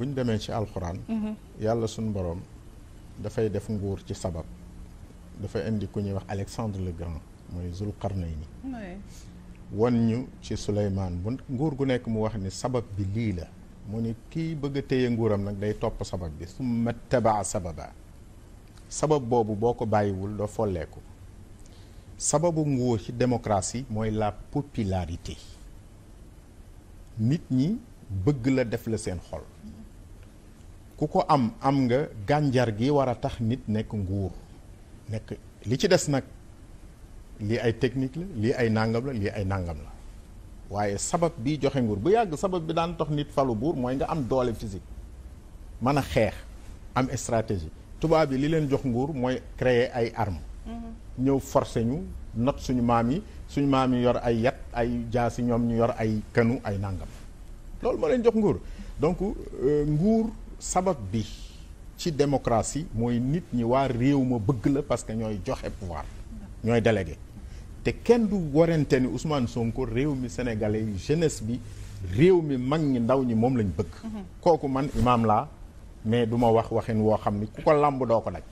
bu ñu demee ci alxuraan. Mhm. yàlla suñu boroom dafay def nguur ci sabab dafa indi ku ñuy wax Alexandre le Grand mooy Zulqarnayni won ñu ci Suleymaan bu nguur gu nekk mu wax ni sabab bi lii la mu ni kii bëgg a nguuram nag day topp sabab bi summa tabaa sababa sabab boobu boo ko bàyyiwul doo folleeku sababu nguur ci démocratie mooy la popularité nit ñi bëgg la def la seen xol ku ko am am nga gànjar gi war a tax nit nekk nguur nekk li ci des nag lii ay technique la lii ay nàngam la lii ay nàngam la waaye sabab bi joxe nguur bu yàgg sabab bi daan tox nit falu buur mooy nga am doole physique mën a xeex am stratégie tubaab yi li leen jox nguur mooy créer ay armes mm-hmm. ñëw forcer ñu not suñu maam yi suñu maam yi yor ay yat ay jaasi ñoom ñu yor ay kanu ay nàngam loolu moo leen jox nguur donc euh, nguur sabab bi ci démocratie mooy nit ñi waa réew ma bëgg la parce que ñooy joxe pouvoir ñooy délégué te kenn du warante ni Ousmane Sonko réew mi sénégalais yi jeunesse bi réew mi mag ñi ndaw ñi moom lañ bëgg. Mhm. kooku man imaam laa mais du ma wax waxin woo xam ni ku ko làmb doo ko daj.